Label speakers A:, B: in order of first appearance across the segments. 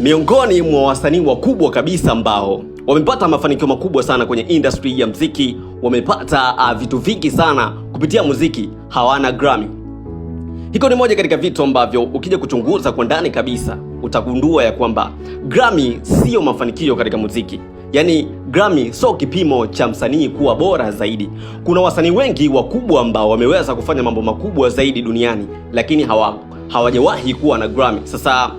A: Miongoni mwa wasanii wakubwa kabisa ambao wamepata mafanikio makubwa sana kwenye industry ya mziki, wamepata uh, vitu vingi sana kupitia muziki, hawana Grammy. Hiko ni moja katika vitu ambavyo ukija kuchunguza kwa ndani kabisa utagundua ya kwamba Grammy siyo mafanikio katika muziki. Yaani Grammy sio kipimo cha msanii kuwa bora zaidi. Kuna wasanii wengi wakubwa ambao wameweza kufanya mambo makubwa zaidi duniani, lakini hawa hawajawahi kuwa na Grammy. Sasa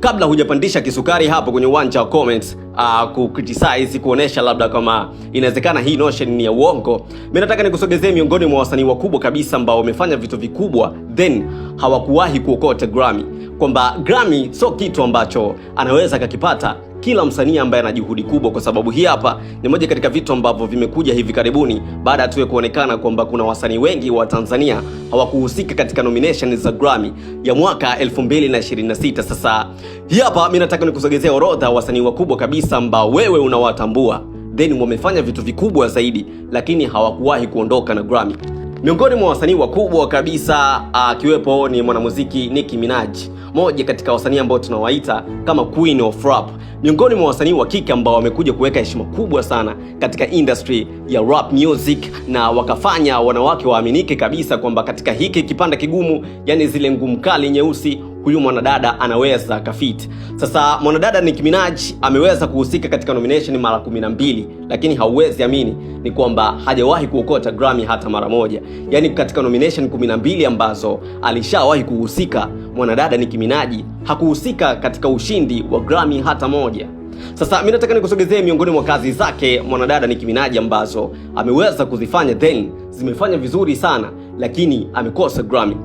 A: Kabla hujapandisha kisukari hapo kwenye uwanja wa comments uh, ku criticize kuonesha labda kama inawezekana hii notion ni ya uongo. Mimi nataka nikusogezee miongoni mwa wasanii wakubwa kabisa ambao wamefanya vitu vikubwa then hawakuwahi kuokota Grammy, kwamba Grammy sio kitu ambacho anaweza akakipata kila msanii ambaye ana juhudi kubwa, kwa sababu hii hapa ni moja katika vitu ambavyo vimekuja hivi karibuni baada ya tuwe kuonekana kwamba kuna wasanii wengi wa Tanzania hawakuhusika katika nomination za Grammy ya mwaka 2026. Sasa hii hapa mimi nataka nikusogezea orodha wasanii wakubwa kabisa kabisa ambao wewe unawatambua, then wamefanya vitu vikubwa zaidi, lakini hawakuwahi kuondoka na grami Miongoni mwa wasanii wakubwa kabisa ah, akiwepo ni mwanamuziki niki Minaj, moja katika wasanii ambao tunawaita kama Queen of Rap, miongoni mwa wasanii wa kike ambao wamekuja kuweka heshima kubwa sana katika industry ya rap music, na wakafanya wanawake waaminike kabisa kwamba katika hiki kipanda kigumu, yani zile ngumu kali nyeusi huyu mwanadada anaweza kafit Sasa mwanadada ni kiminaji ameweza kuhusika katika nomination mara 12, lakini hauwezi amini ni kwamba hajawahi kuokota Grammy hata mara moja. Yaani katika nomination 12 ambazo alishawahi kuhusika, mwanadada ni kiminaji hakuhusika katika ushindi wa Grammy hata moja. Sasa mi nataka nikusogezee miongoni mwa kazi zake mwanadada ni kiminaji ambazo ameweza kuzifanya then zimefanya vizuri sana, lakini amekosa Grammy.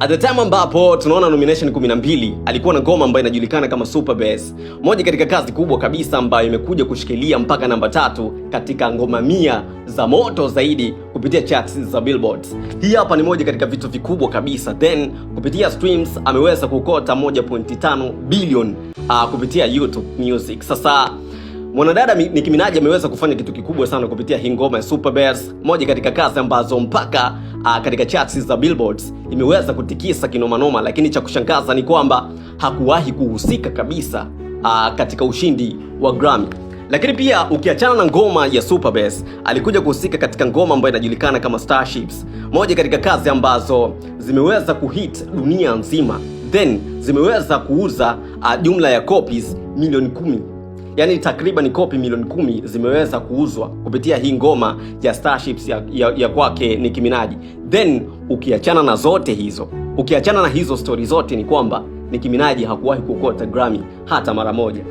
A: At the time ambapo tunaona nomination 12 alikuwa na ngoma ambayo inajulikana kama Super Bass, moja katika kazi kubwa kabisa ambayo imekuja kushikilia mpaka namba tatu katika ngoma mia za moto zaidi kupitia charts za Billboard. Hii hapa ni moja katika vitu vikubwa kabisa, then kupitia streams ameweza kukota 1.5 billion uh, kupitia YouTube Music. Sasa mwanadada Nicki Minaj ameweza kufanya kitu kikubwa sana kupitia hii ngoma ya Super Bass, moja katika kazi ambazo mpaka uh, katika charts za Billboards imeweza kutikisa kinomanoma, lakini cha kushangaza ni kwamba hakuwahi kuhusika kabisa uh, katika ushindi wa Grammy. Lakini pia ukiachana na ngoma ya Superbass, alikuja kuhusika katika ngoma ambayo inajulikana kama Starships, moja katika kazi ambazo zimeweza kuhit dunia nzima, then zimeweza kuuza ah, jumla ya copies milioni kumi yani takriban kopi milioni kumi zimeweza kuuzwa kupitia hii ngoma ya Starships ya, ya, ya kwake Nicki Minaj. Then ukiachana na zote hizo, ukiachana na hizo stori zote, ni kwamba Nicki Minaj hakuwahi kuokota Grammy hata mara moja.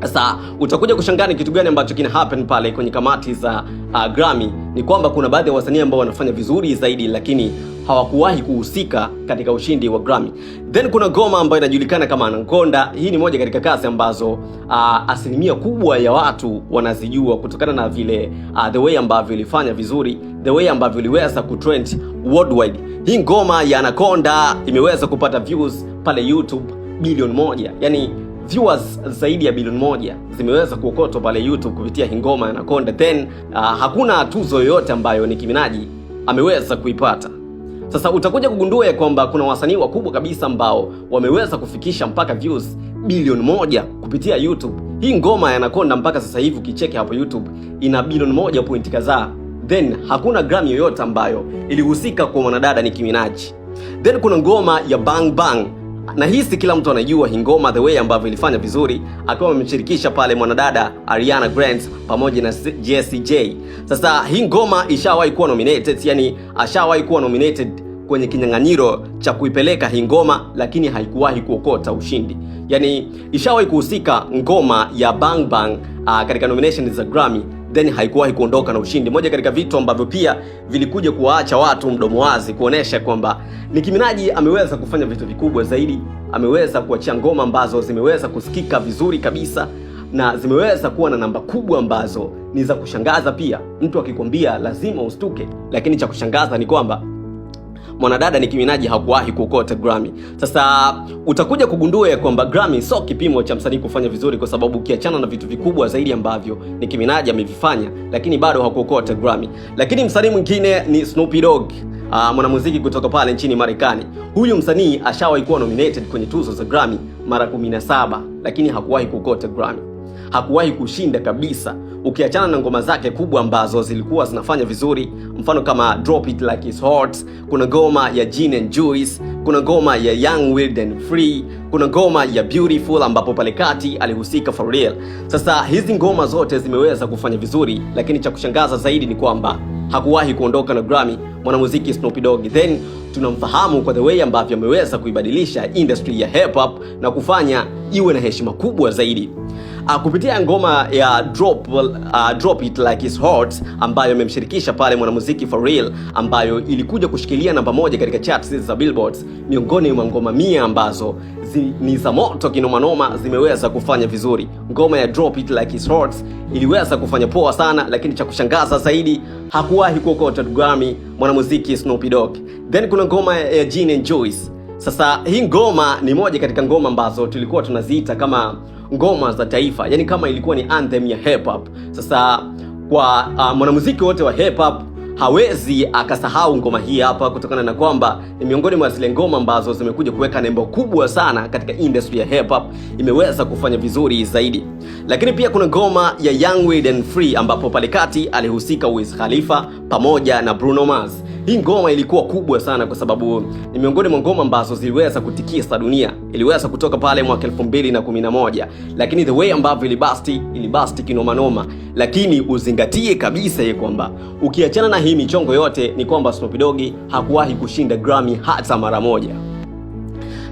A: Sasa utakuja kushangaa ni kitu gani ambacho kina happen pale kwenye kamati za uh, Grammy. Ni kwamba kuna baadhi ya wasanii ambao wanafanya vizuri zaidi, lakini hawakuwahi kuhusika katika ushindi wa Grammy. Then kuna ngoma ambayo inajulikana kama Anaconda. Hii ni moja katika kazi ambazo uh, asilimia kubwa ya watu wanazijua kutokana na vile uh, the way ambavyo ilifanya vizuri, the way ambavyo iliweza kutrend worldwide. Hii ngoma ya Anaconda imeweza kupata views pale YouTube bilioni moja, yani viewers zaidi ya bilioni moja zimeweza kuokotwa pale YouTube kupitia hii ngoma ya Anaconda. Then uh, hakuna tuzo yoyote ambayo ni kiminaji ameweza kuipata. Sasa utakuja kugundua ya kwamba kuna wasanii wakubwa kabisa ambao wameweza kufikisha mpaka views bilioni moja kupitia YouTube. Hii ngoma ya Anaconda mpaka sasa hivi ukicheki hapo YouTube ina bilioni moja point kadhaa, then hakuna gram yoyote ambayo ilihusika kwa mwanadada Nicki Minaj. Then kuna ngoma ya Bang Bang na hii si kila mtu anajua Hingoma the way ambavyo ilifanya vizuri, akiwa amemshirikisha pale mwanadada Ariana Grande pamoja na jsj Sasa hii ngoma ishawahi kuwa nominated, yani ashawahi kuwa nominated kwenye kinyang'anyiro cha kuipeleka hii ngoma lakini haikuwahi kuokota ushindi. Yani ishawahi kuhusika ngoma ya Bang Bang uh, katika nomination za Grammy then haikuwahi kuondoka na ushindi. Moja katika vitu ambavyo pia vilikuja kuwaacha watu mdomo wazi kuonesha kwamba ni kiminaji ameweza kufanya vitu vikubwa zaidi, ameweza kuachia ngoma ambazo zimeweza kusikika vizuri kabisa na zimeweza kuwa na namba kubwa ambazo ni za kushangaza pia. Mtu akikwambia lazima ustuke, lakini cha kushangaza ni kwamba mwanadada ni kiminaji hakuwahi kuokota grami Sasa utakuja kugundua kwamba gram sio kipimo cha msanii kufanya vizuri, kwa sababu ukiachana na vitu vikubwa zaidi ambavyo ni kiminaji amevifanya, lakini bado hakuokota grami Lakini msanii mwingine ni snoopy dog Uh, ah, mwanamuziki kutoka pale nchini Marekani. Huyu msanii ashawahi kuwa nominated kwenye tuzo za Grammy mara 17 lakini hakuwahi kukota Grammy hakuwahi kushinda kabisa, ukiachana na ngoma zake kubwa ambazo zilikuwa zinafanya vizuri, mfano kama Drop It Like It's Hot, kuna ngoma ya Gene and Juice, kuna ngoma ya Young Wild and Free, kuna ngoma ya Beautiful ambapo pale kati alihusika for real. Sasa hizi ngoma zote zimeweza kufanya vizuri, lakini cha kushangaza zaidi ni kwamba hakuwahi kuondoka na Grammy mwanamuziki Snoop Dogg then tunamfahamu kwa the way ambavyo ameweza kuibadilisha industry ya hip hop na kufanya iwe na heshima kubwa zaidi uh, kupitia ngoma ya drop, uh, drop it like it's hot ambayo imemshirikisha pale mwanamuziki real ambayo ilikuja kushikilia namba moja katika charts za Billboard miongoni mwa ngoma mia ambazo zi, ni za moto kinomanoma zimeweza kufanya vizuri. Ngoma ya drop it like it's hot iliweza kufanya poa sana, lakini cha kushangaza zaidi hakuwahi kuokota dugami mwanamuziki snoopy dog Then kuna ngoma ya Gene and joyce sasa hii ngoma ni moja katika ngoma ambazo tulikuwa tunaziita kama ngoma za taifa, yani kama ilikuwa ni anthem ya hip hop. Sasa kwa uh, mwanamuziki wote wa hip hop hawezi akasahau ngoma hii hapa, kutokana na kwamba ni miongoni mwa zile ngoma ambazo zimekuja kuweka nembo kubwa sana katika industry ya hip hop, imeweza kufanya vizuri zaidi. Lakini pia kuna ngoma ya Young Wild and Free ambapo pale kati alihusika Wiz Khalifa pamoja na Bruno Mars. Hii ngoma ilikuwa kubwa sana kwa sababu ni miongoni mwa ngoma ambazo ziliweza kutikisa dunia. Iliweza kutoka pale mwaka 2011 lakini the way ambavyo ilibasti ilibasti kinomanoma, lakini uzingatie kabisa ye kwamba ukiachana na hii michongo yote ni kwamba Snoop Dogg hakuwahi kushinda Grammy hata mara moja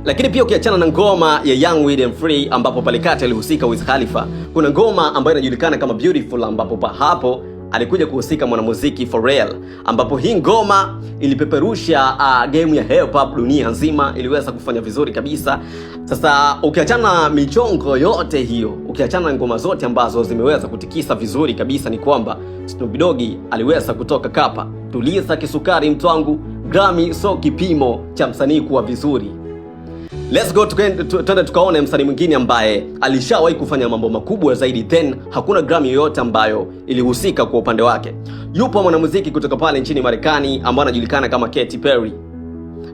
A: lakini pia ukiachana na ngoma ya Young Wild and Free ambapo pale kati alihusika with Khalifa, kuna ngoma ambayo inajulikana kama Beautiful ambapo pa hapo alikuja kuhusika mwanamuziki forel ambapo hii ngoma ilipeperusha uh, game ya hip hop dunia nzima, iliweza kufanya vizuri kabisa. Sasa ukiachana michongo yote hiyo, ukiachana ngoma zote ambazo zimeweza kutikisa vizuri kabisa, ni kwamba Snoop Dogg aliweza kutoka kapa, tuliza kisukari mtwangu grami Grammy so kipimo cha msanii kuwa vizuri Let's go tuende tukaone msanii mwingine ambaye alishawahi kufanya mambo makubwa zaidi, then hakuna Grammy yoyote ambayo ilihusika kwa upande wake. Yupo mwanamuziki kutoka pale nchini Marekani ambaye anajulikana kama Katy Perry.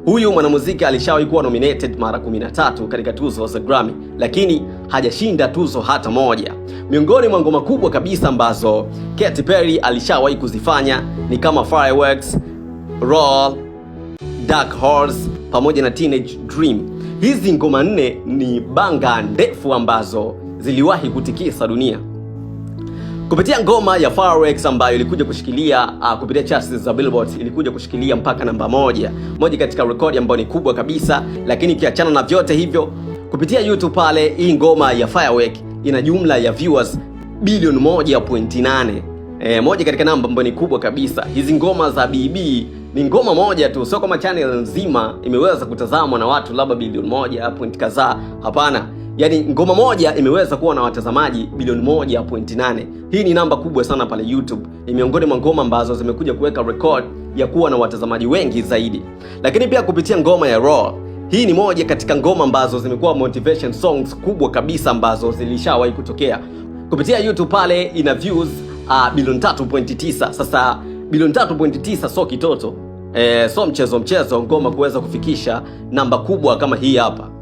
A: Huyu mwanamuziki alishawahi kuwa nominated mara 13 katika tuzo za Grammy, lakini hajashinda tuzo hata moja. Miongoni mwa ngoma kubwa kabisa ambazo Katy Perry alishawahi kuzifanya ni kama Fireworks, Roll, Dark Horse pamoja na Teenage Dream. Hizi ngoma nne ni banga ndefu ambazo ziliwahi kutikisa dunia kupitia ngoma ya Fireworks ambayo ilikuja kushikilia uh, kupitia charts za Billboard ilikuja kushikilia mpaka namba moja moja katika rekodi ambayo ni kubwa kabisa. Lakini ukiachana na vyote hivyo, kupitia YouTube pale, hii ngoma ya Firework ina jumla ya viewers bilioni 1.8, e, eh, moja katika namba ambayo ni kubwa kabisa. Hizi ngoma za BB ni ngoma moja tu, sio kama channel nzima imeweza kutazamwa na watu labda bilioni moja point kadhaa. Hapana, yaani ngoma moja imeweza kuwa na watazamaji bilioni moja point nane. Hii ni namba kubwa sana pale YouTube, ni miongoni mwa ngoma ambazo zimekuja kuweka record ya kuwa na watazamaji wengi zaidi, lakini pia kupitia ngoma ya Raw hii ni moja katika ngoma ambazo zimekuwa motivation songs kubwa kabisa ambazo zilishawahi kutokea kupitia YouTube pale ina views uh, bilioni 3.9. Sasa bilioni 3.9 sio kitoto e, eh, so mchezo mchezo ngoma kuweza kufikisha namba kubwa kama hii hapa.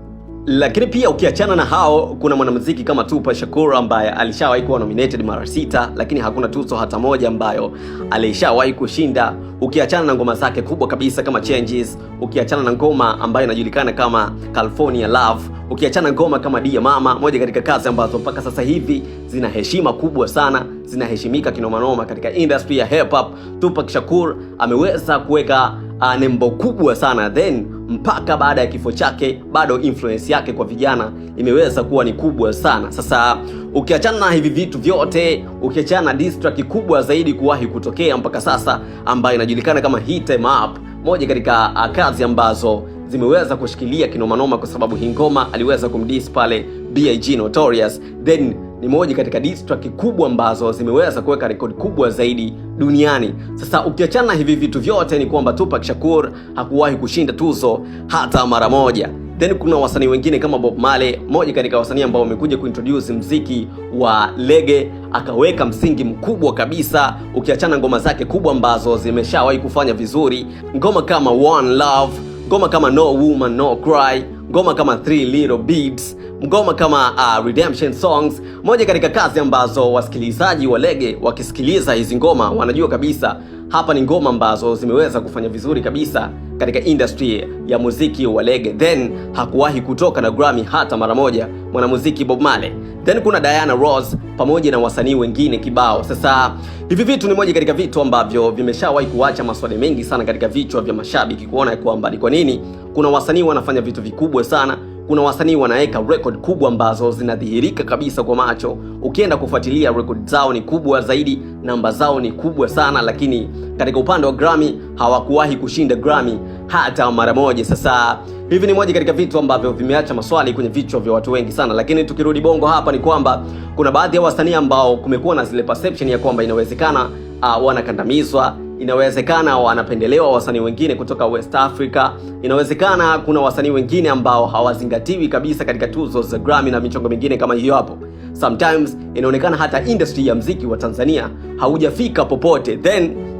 A: Lakini pia ukiachana na hao, kuna mwanamziki kama Tupa Shakur ambaye alishawahi kuwa nominated mara sita, lakini hakuna tuzo hata moja ambayo alishawahi kushinda, ukiachana na ngoma zake kubwa kabisa kama Changes, ukiachana na ngoma ambayo inajulikana kama California Love, ukiachana ngoma kama Dia Mama, moja katika kazi ambazo mpaka sasa hivi zina heshima kubwa sana, zinaheshimika kinomanoma katika industry ya hip hop. tupa Shakur ameweza kuweka uh, nembo kubwa sana then mpaka baada ya kifo chake, bado influence yake kwa vijana imeweza kuwa ni kubwa sana. Sasa ukiachana na hivi vitu vyote, ukiachana na district kubwa zaidi kuwahi kutokea mpaka sasa, ambayo inajulikana kama hit em up, moja katika ah, kazi ambazo zimeweza kushikilia kinomanoma, kwa sababu hii ngoma aliweza kumdis pale Big Notorious then ni moja katika district kubwa ambazo zimeweza kuweka rekodi kubwa zaidi duniani. Sasa ukiachana hivi vitu vyote, ni kwamba tupak Shakur hakuwahi kushinda tuzo hata mara moja. Then kuna wasanii wengine kama Bob Marley, moja katika wasanii ambao wamekuja kuintroduce mziki wa lege, akaweka msingi mkubwa kabisa. Ukiachana ngoma zake kubwa ambazo zimeshawahi kufanya vizuri, ngoma kama One Love, ngoma kama No Woman No Cry ngoma kama Three Little Birds, ngoma kama uh, Redemption Songs, moja katika kazi ambazo wasikilizaji wa wakisikiliza hizi ngoma wanajua kabisa hapa ni ngoma ambazo zimeweza kufanya vizuri kabisa katika industry ya muziki wa lege then hakuwahi kutoka na Grammy hata mara moja mwanamuziki Bob male then kuna Diana Ross pamoja na wasanii wengine kibao. Sasa hivi vitu ni moja katika vitu ambavyo vimeshawahi kuacha maswali mengi sana katika vichwa vya mashabiki, kuona kwamba ni kwa nini kuna wasanii wanafanya vitu vikubwa sana kuna wasanii wanaweka record kubwa ambazo zinadhihirika kabisa kwa macho. Ukienda kufuatilia rekod zao ni kubwa zaidi, namba zao ni kubwa sana, lakini katika upande wa grami hawakuwahi kushinda grami hata mara moja. Sasa hivi ni moja katika vitu ambavyo vimeacha maswali kwenye vichwa vya watu wengi sana, lakini tukirudi bongo hapa ni kwamba kuna baadhi ya wasanii ambao kumekuwa na zile perception ya kwamba inawezekana uh, wanakandamizwa inawezekana wanapendelewa wasanii wengine kutoka West Africa. Inawezekana kuna wasanii wengine ambao hawazingatiwi kabisa katika tuzo za Grammy na michongo mingine kama hiyo hapo. Sometimes inaonekana hata industry ya mziki wa Tanzania haujafika popote then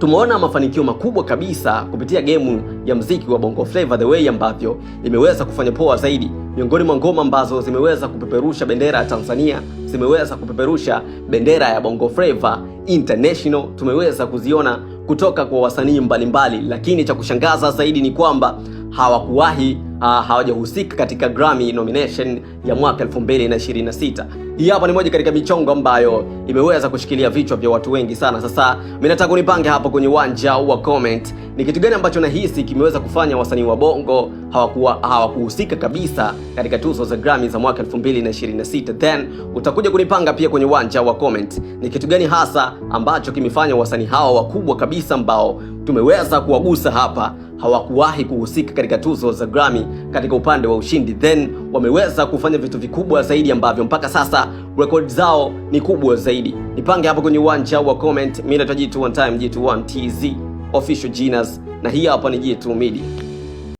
A: tumeona mafanikio makubwa kabisa kupitia gemu ya mziki wa Bongo flavor the way ambavyo imeweza kufanya poa zaidi miongoni mwa ngoma ambazo zimeweza kupeperusha bendera ya Tanzania, zimeweza kupeperusha bendera ya Bongo flavor International, tumeweza kuziona kutoka kwa wasanii mbalimbali, lakini cha kushangaza zaidi ni kwamba hawakuwahi ah, hawajahusika katika Grammy nomination ya mwaka 2026. Hii hapa ni moja katika michongo ambayo imeweza kushikilia vichwa vya watu wengi sana. Sasa mimi nataka unipange hapo kwenye uwanja wa comment, ni kitu gani ambacho nahisi kimeweza kufanya wasanii wa Bongo hawakuwa hawakuhusika kabisa katika tuzo za Grammy za mwaka 2026. Then utakuja kunipanga pia kwenye uwanja wa comment, ni kitu gani hasa ambacho kimefanya wasanii hawa wakubwa kabisa ambao tumeweza kuwagusa hapa hawakuwahi kuhusika katika tuzo za Grammy katika upande wa ushindi, then wameweza kufanya vitu vikubwa zaidi ambavyo mpaka sasa rekodi zao ni kubwa zaidi. Nipange hapo kwenye uwanja wa comment, mimi naitwa G21 Time, jitu one TZ official Genius, na hii hapa ni jitu Media.